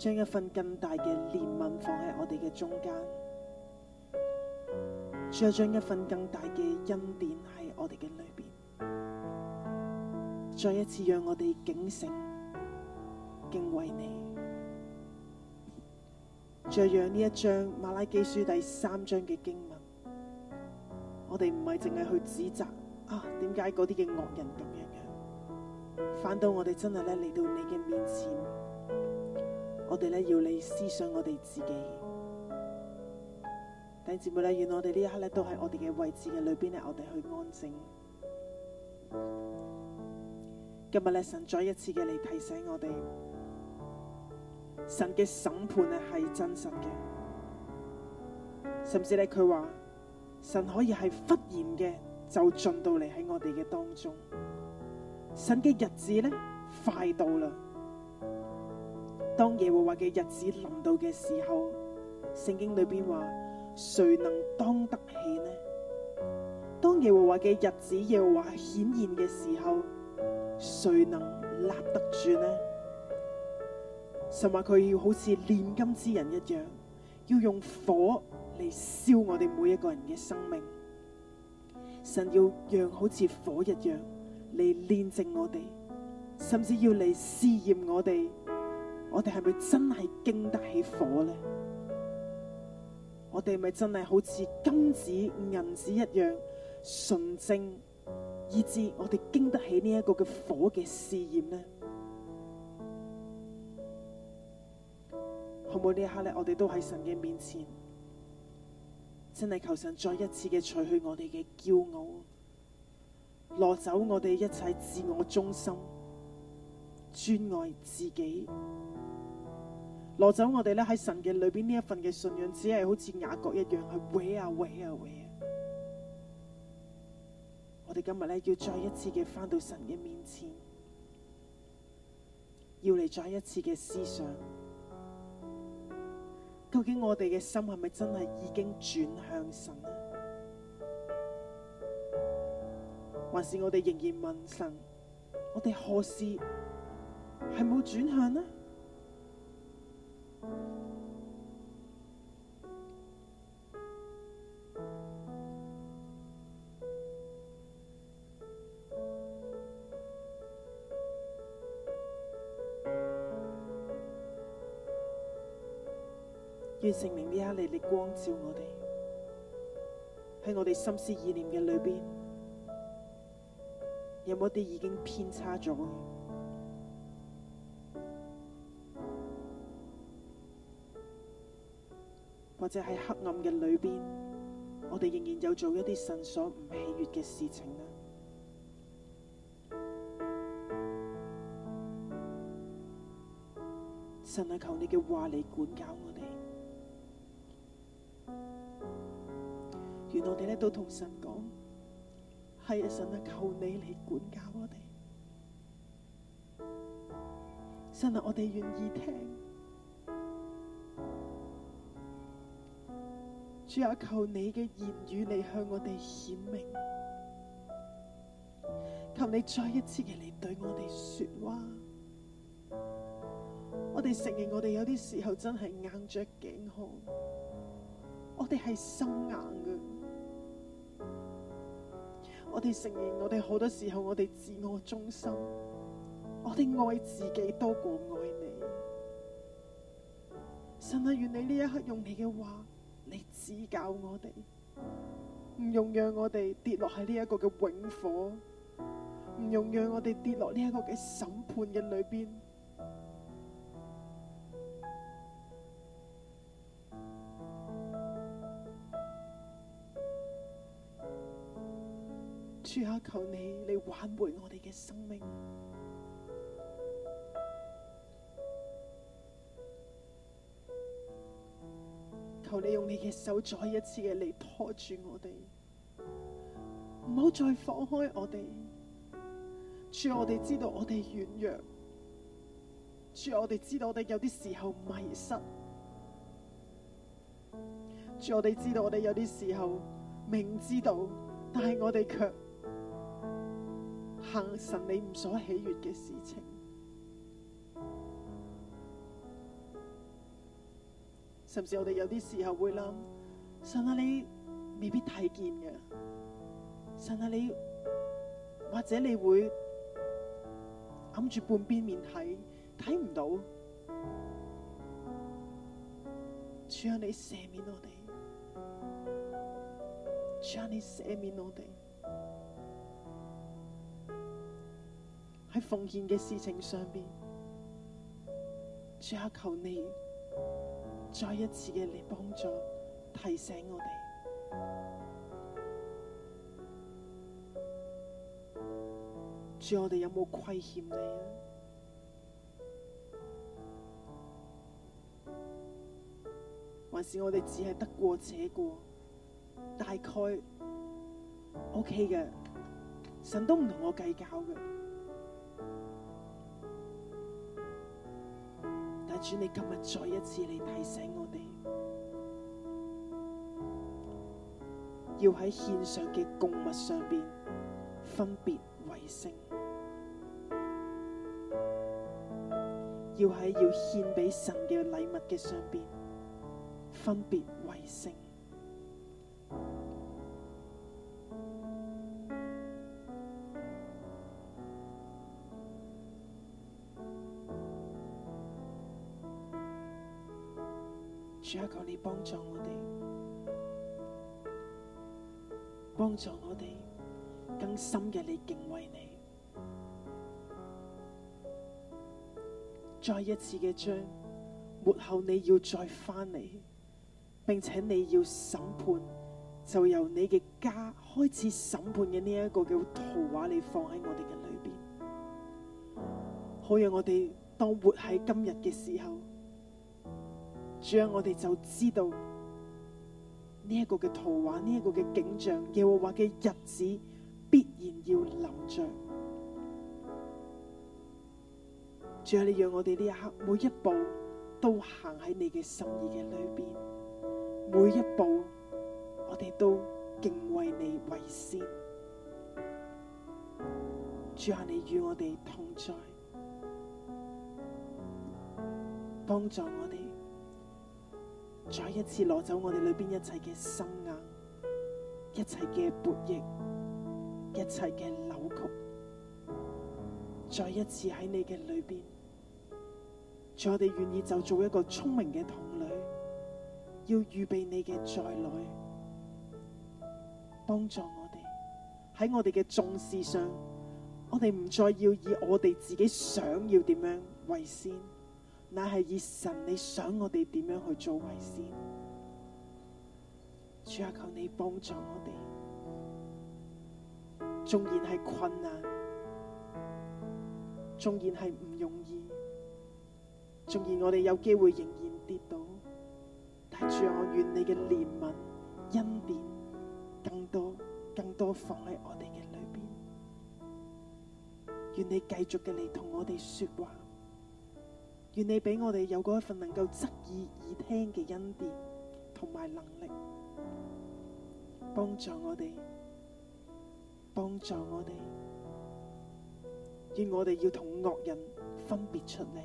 將一份更大嘅憐憫放喺我哋嘅中間，再將一份更大嘅恩典喺我哋嘅裏邊，再一次讓我哋警醒敬畏你，再讓呢一章馬拉基書第三章嘅經文，我哋唔係淨係去指責啊，點解嗰啲嘅惡人咁樣樣，反倒我哋真係咧嚟到你嘅面前。我哋咧要你思想我哋自己，弟兄姊妹咧，願我哋呢一刻咧都喺我哋嘅位置嘅裏邊咧，我哋去安靜。今日咧神再一次嘅嚟提醒我哋，神嘅審判咧係真實嘅，甚至咧佢話神可以係忽然嘅就進到嚟喺我哋嘅當中，神嘅日子咧快到啦。當耶和華嘅日子臨到嘅時候，聖經裏邊話，誰能當得起呢？當耶和華嘅日子，耶和華顯現嘅時候，誰能立得住呢？神話佢要好似煉金之人一樣，要用火嚟燒我哋每一個人嘅生命，神要讓好似火一樣嚟煉淨我哋，甚至要嚟試驗我哋。我哋係咪真係經得起火咧？我哋係咪真係好似金子銀子一樣純正，以致我哋經得起呢一個嘅火嘅試驗咧？好唔好？呢一刻咧，我哋都喺神嘅面前，真係求神再一次嘅除去我哋嘅驕傲，攞走我哋一切自我中心。專愛自己，攞走我哋咧喺神嘅裏面呢一份嘅信仰，只係好似雅各一樣去毀啊毀啊毀啊！我哋今日咧要再一次嘅返到神嘅面前，要嚟再一次嘅思想，究竟我哋嘅心係咪真係已經轉向神咧？還是我哋仍然問神？我哋何事？係冇轉向咧，願聖明呢一刻你嚟光照我哋，喺我哋心思意念嘅裏邊，有冇啲已經偏差咗？或者喺黑暗嘅裏邊，我哋仍然有做一啲神所唔喜悅嘅事情啦。神啊，求你嘅話嚟管教我哋。原來我哋咧都同神講，係、哎、神啊，求你嚟管教我哋。神啊，我哋願意聽。主啊，靠你嘅言語嚟向我哋顯明，求你再一次嘅嚟對我哋說話。我哋承認，我哋有啲時候真係硬着頸好，我哋係心硬嘅。我哋承認，我哋好多時候我哋自我中心，我哋愛自己多過愛你。神啊，願你呢一刻用你嘅話。指教我哋，唔容讓我哋跌落喺呢一個嘅永火，唔容讓我哋跌落呢一個嘅審判嘅裏邊。主啊，求你嚟挽回我哋嘅生命。求你用你嘅手再一次嘅嚟拖住我哋，唔好再放開我哋。主，我哋知道我哋軟弱；主，我哋知道我哋有啲時候迷失；主，我哋知道我哋有啲時候明知道，但係我哋卻行神你唔所喜悅嘅事情。甚至我哋有啲時候會諗，神啊你未必睇見嘅，神啊你或者你會揞住半邊面睇，睇唔到，主啊你赦免我哋，主啊你赦免我哋，喺奉獻嘅事情上面，主啊求你。再一次嘅你幫助，提醒我哋，主，我哋有冇虧欠你啊？還是我哋只係得過且過？大概 OK 嘅，神都唔同我計較嘅。主，你今日再一次嚟提醒我哋，要喺獻上嘅供物上邊分別為聖，要喺要獻俾神嘅禮物嘅上邊分別為聖。幫助我哋，幫助我哋更深嘅，你敬畏你，再一次嘅將末後你要再翻嚟，並且你要審判，就由你嘅家開始審判嘅呢一個叫圖畫，你放喺我哋嘅裏邊，好讓我哋當活喺今日嘅時候。主啊，我哋就知道呢一、這個嘅圖畫，呢、這、一個嘅景象，耶和華嘅日子必然要臨着。主啊，你讓我哋呢一刻每一步都行喺你嘅心意嘅裏邊，每一步我哋都敬畏你為先。主啊，你與我哋同在，幫助我哋。再一次攞走我哋裏邊一切嘅生硬，一切嘅悖逆，一切嘅扭曲。再一次喺你嘅裏邊，再我哋願意就做一個聰明嘅童女，要預備你嘅再來，幫助我哋喺我哋嘅重事上，我哋唔再要以我哋自己想要點樣為先。那係熱神，你想我哋點樣去做為先？主啊，求你幫助我哋。縱然係困難，縱然係唔容易，縱然我哋有機會仍然跌倒，但主要我，願你嘅憐憫、恩典更多、更多放喺我哋嘅裏邊。願你繼續嘅嚟同我哋說話。願你俾我哋有嗰一份能夠側耳而聽嘅恩典，同埋能力，幫助我哋，幫助我哋。願我哋要同惡人分別出嚟。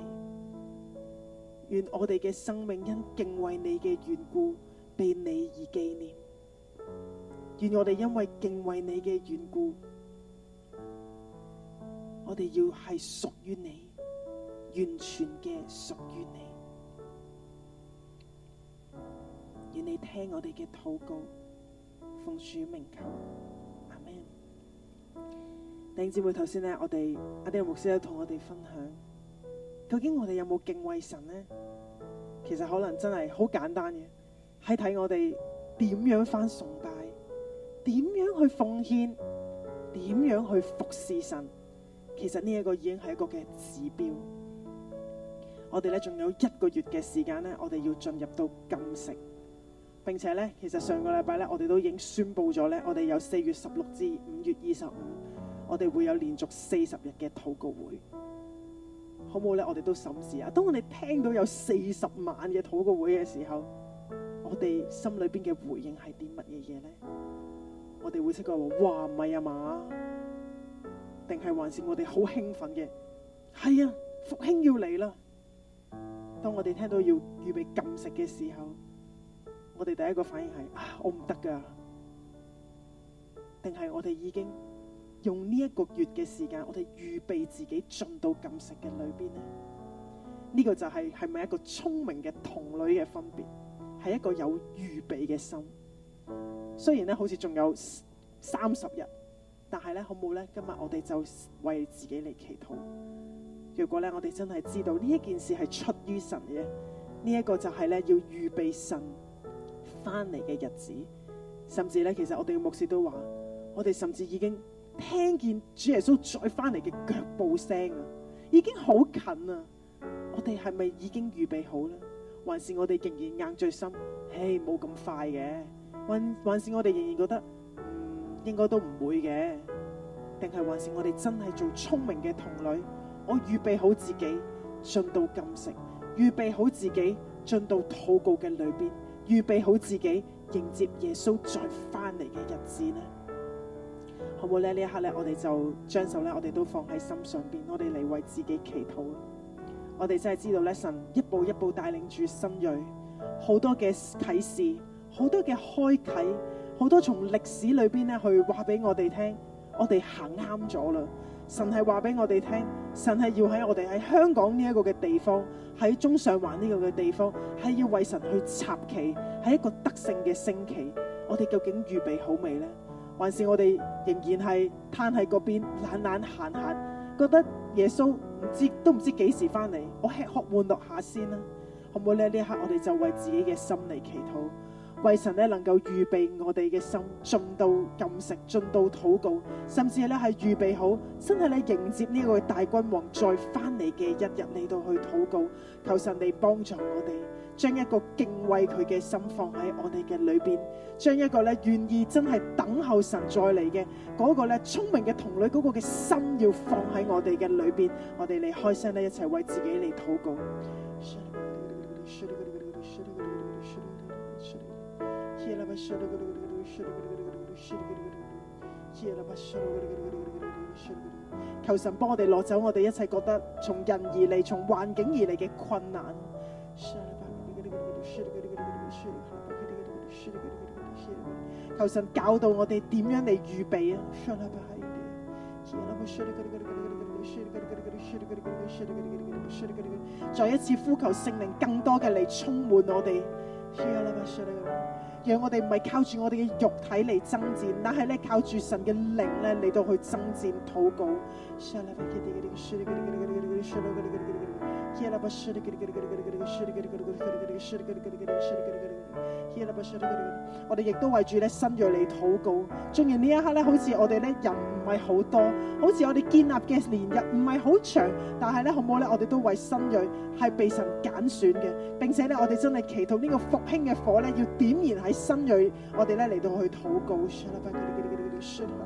願我哋嘅生命因敬畏你嘅緣故，被你而紀念。願我哋因為敬畏你嘅緣故，我哋要係屬於你。完全嘅屬於你，願你聽我哋嘅禱告，奉主名求，阿門。弟兄姊妹，頭先咧，我哋 Adino 牧師都同我哋分享，究竟我哋有冇敬畏神咧？其實可能真係好簡單嘅，係睇我哋點樣返崇拜，點樣去奉獻，點樣去服侍神。其實呢一個已經係一個嘅指標。我哋咧仲有一個月嘅時間咧，我哋要進入到禁食。並且咧，其實上個禮拜咧，我哋都已經宣布咗咧，我哋有四月十六至五月二十五，我哋會有連續四十日嘅禱告會，好唔好咧？我哋都審視下。當我哋聽到有四十萬嘅禱告會嘅時候，我哋心裏邊嘅回應係啲乜嘢嘢咧？我哋會即刻話，哇唔係啊嘛？定係還，還是我哋好興奮嘅？係啊，復興要嚟啦！當我哋聽到要預備禁食嘅時候，我哋第一個反應係啊，我唔得噶，定係我哋已經用呢一個月嘅時間，我哋預備自己進到禁食嘅裏邊咧？呢、呢個就係係咪一個聰明嘅同類嘅分別？係一個有預備嘅心。雖然呢好似仲有三十日，但係咧好冇咧，今日我哋就為自己嚟祈禱。如果咧，我哋真係知道呢一件事係出於神嘅，呢、這、一個就係咧要預備神翻嚟嘅日子。甚至咧，其實我哋牧師都話，我哋甚至已經聽見主耶穌再翻嚟嘅腳步聲啊，已經好近啊！我哋係咪已經預備好咧？還是我哋仍然硬著心？唉，冇咁快嘅，還還是我哋仍然覺得，嗯，應該都唔會嘅，定係還是我哋真係做聰明嘅童女？我預備好自己進到禁食，預備好自己進到禱告嘅裏邊，預備好自己迎接耶穌再翻嚟嘅日子呢，好唔好咧？呢一刻呢，我哋就將手呢，我哋都放喺心上邊，我哋嚟為自己祈禱。我哋真係知道呢，神一步一步帶領住新銳，好多嘅啟示，好多嘅開啟，好多從歷史裏邊呢去話俾我哋聽，我哋行啱咗啦。神係話俾我哋聽，神係要喺我哋喺香港呢一個嘅地方，喺中上環呢個嘅地方，係要為神去插旗，係一個得勝嘅升旗。我哋究竟預備好未呢？還是我哋仍然係攤喺嗰邊懶懶閒閒，覺得耶穌唔知都唔知幾時翻嚟，我吃喝玩樂下先啦，好唔好咧？呢一刻我哋就為自己嘅心嚟祈禱。為神咧能夠預備我哋嘅心，進到禁食，進到禱告，甚至係咧係預備好，真係咧迎接呢個大君王再翻嚟嘅一日嚟到去禱告，求神你幫助我哋，將一個敬畏佢嘅心放喺我哋嘅裏邊，將一個咧願意真係等候神再嚟嘅嗰個咧聰明嘅童女嗰個嘅心要放喺我哋嘅裏邊，我哋嚟開聲咧一齊為自己嚟禱告。求神幫我哋攞走我哋一切覺得從人而嚟、從環境而嚟嘅困難。求神教導我哋點樣嚟預備啊！再一次呼求聖靈更多嘅嚟充滿我哋。讓我哋唔係靠住我哋嘅肉體嚟爭戰，但係咧靠住神嘅靈咧嚟到去爭戰。禱告。我哋亦都為住咧新銳嚟禱告。雖然呢一刻咧，好似我哋咧人唔係好多，好似我哋建立嘅年日唔係好長，但係咧好唔好咧？我哋都為新銳係被神揀選嘅，並且咧我哋真係祈禱呢個復興嘅火咧要點燃喺新銳。我哋咧嚟到去禱告。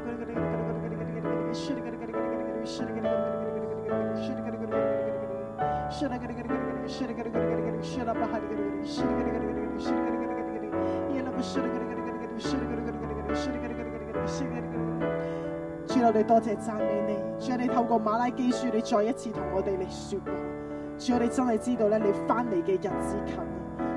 主要我哋多謝讚美你，主要你透過馬拉基書你再一次同我哋嚟說話。主要你真係知道咧，你翻嚟嘅日子近啊，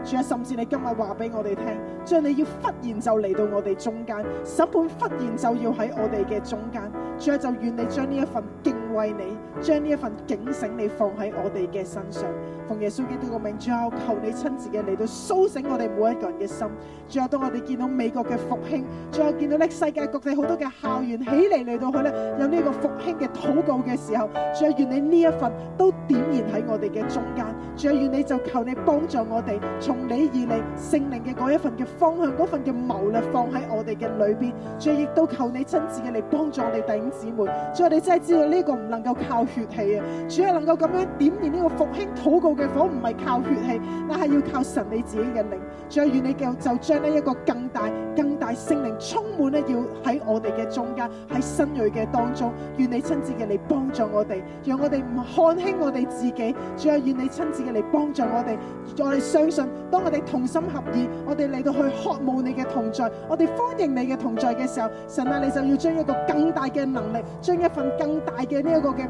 仲有甚至你今日話俾我哋聽，主要你要忽然就嚟到我哋中間審判，忽然就要喺我哋嘅中間就願你將呢一份敬。為你將呢一份警醒，你放喺我哋嘅身上。奉耶穌基督嘅名，最後求你親自嘅嚟到蘇醒我哋每一個人嘅心。最後當我哋見到美國嘅復興，最後見到咧世界各地好多嘅校園起嚟嚟到去咧有呢個復興嘅禱告嘅時候，最後願你呢一份都點燃喺我哋嘅中間。最後願你就求你幫助我哋，從你而嚟聖靈嘅嗰一份嘅方向，嗰份嘅謀略放喺我哋嘅裏邊。最後亦都求你親自嘅嚟幫助我哋弟兄姊妹。最後我哋真係知道呢個。唔能夠靠血氣啊！主要係能夠咁樣點燃呢個復興禱告嘅火，唔係靠血氣，但係要靠神你自己嘅靈。仲有願你就就將呢一個更大。更大聖靈充滿咧，要喺我哋嘅中間，喺新銳嘅當中，願你親自嘅嚟幫助我哋，讓我哋唔看輕我哋自己。仲有願你親自嘅嚟幫助我哋，我哋相信，當我哋同心合意，我哋嚟到去渴慕你嘅同在，我哋歡迎你嘅同在嘅時候，神啊，你就要將一個更大嘅能力，將一份更大嘅呢一個嘅。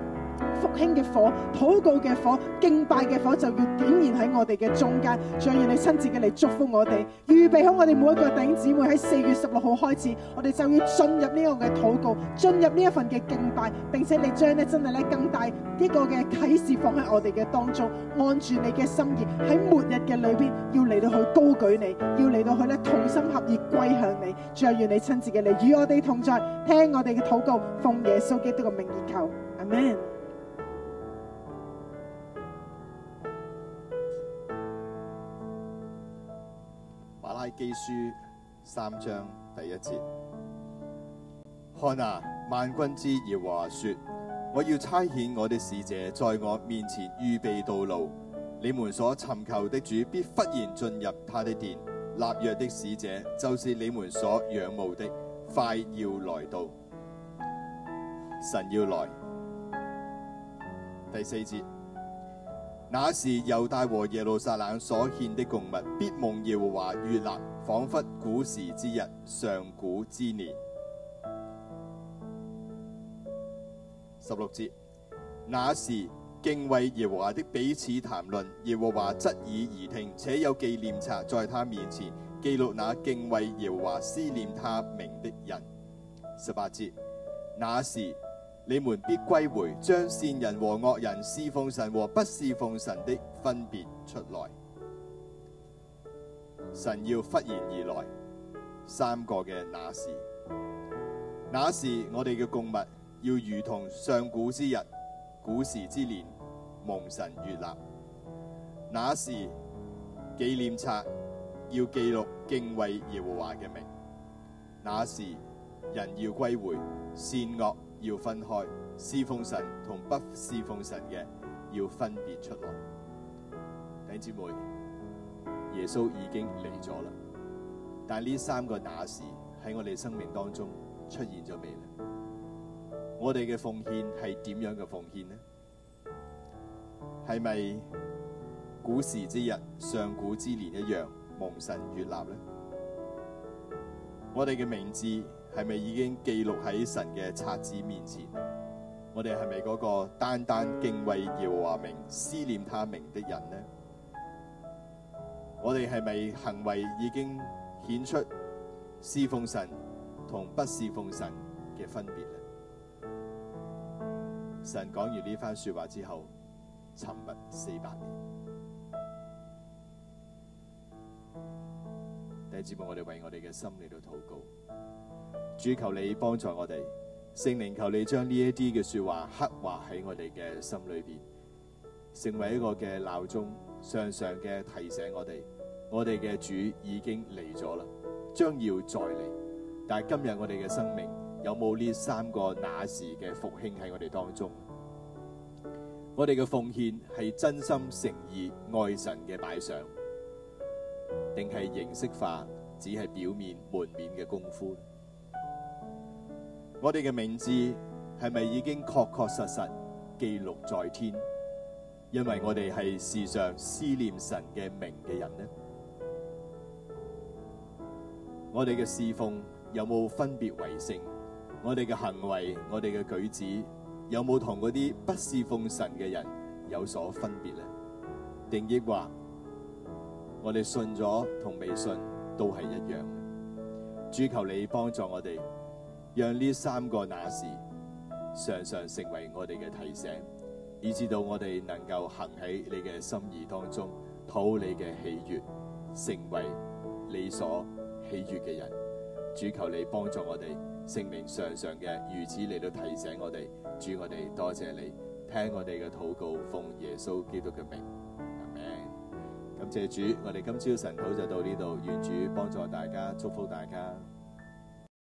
復興嘅火、禱告嘅火、敬拜嘅火，就要點燃喺我哋嘅中間。再願你親自嘅嚟祝福我哋，預備好我哋每一個弟兄姊妹喺四月十六號開始，我哋就要進入呢個嘅禱告，進入呢一份嘅敬拜，並且你將咧真係咧更大呢個嘅啟示放喺我哋嘅當中，按住你嘅心意喺末日嘅裏邊要嚟到去高舉你，要嚟到去咧同心合意歸向你。再願你親自嘅嚟與我哋同在，聽我哋嘅禱告，奉耶穌基督嘅名而求，阿門。拉基書三章第一節：看啊，萬軍之耶和華說：我要差遣我的使者在我面前預備道路，你們所尋求的主必忽然進入他的殿。立約的使者就是你們所仰慕的，快要來到。神要來。第四節。那時猶大和耶路撒冷所獻的供物必蒙耶和華悦納，仿佛古時之日、上古之年。十六節，那時敬畏耶和華的彼此談論，耶和華側耳而聽，且有紀念冊在他面前記錄那敬畏耶和華、思念他名的人。十八節，那時。你們必歸回，將善人和惡人、侍奉神和不侍奉神的分別出來。神要忽然而來，三個嘅那時，那時我哋嘅供物要如同上古之日、古時之年，蒙神悅納。那時紀念冊要記錄敬畏耶和華嘅名。那時人要歸回善惡。要分開侍奉神同不侍奉神嘅，要分別出來。弟兄姊妹，耶穌已經嚟咗啦，但呢三個大事喺我哋生命當中出現咗未咧？我哋嘅奉獻係點樣嘅奉獻呢？係咪古時之日、上古之年一樣蒙神悅納呢？我哋嘅名字。係咪已經記錄喺神嘅冊子面前？我哋係咪嗰個單單敬畏耶和華、名思念他名的人呢？我哋係咪行為已經顯出侍奉神同不侍奉神嘅分別咧？神講完呢番說話之後，沉默四百年。第一節目，我哋為我哋嘅心嚟到禱告。主求你幫助我哋，聖靈求你將呢一啲嘅說話刻畫喺我哋嘅心裏邊，成為一個嘅鬧鐘，常常嘅提醒我哋，我哋嘅主已經嚟咗啦，將要再嚟。但係今日我哋嘅生命有冇呢三個那時嘅復興喺我哋當中？我哋嘅奉獻係真心誠意愛神嘅擺上，定係形式化，只係表面門面嘅功夫？我哋嘅名字係咪已經確確實實記錄在天？因為我哋係世上思念神嘅名嘅人呢？我哋嘅侍奉有冇分別為聖？我哋嘅行為、我哋嘅舉止有冇同嗰啲不侍奉神嘅人有所分別呢？定抑話我哋信咗同未信都係一樣。主求你幫助我哋。讓呢三個那時，常常成為我哋嘅提醒，以致到我哋能夠行喺你嘅心意當中，討你嘅喜悅，成為你所喜悅嘅人。主求你幫助我哋，聖名常常嘅如此嚟到提醒我哋。主我哋多謝你，聽我哋嘅禱告，奉耶穌基督嘅名，Amen。感謝主，我哋今朝晨禱就到呢度，願主幫助大家，祝福大家。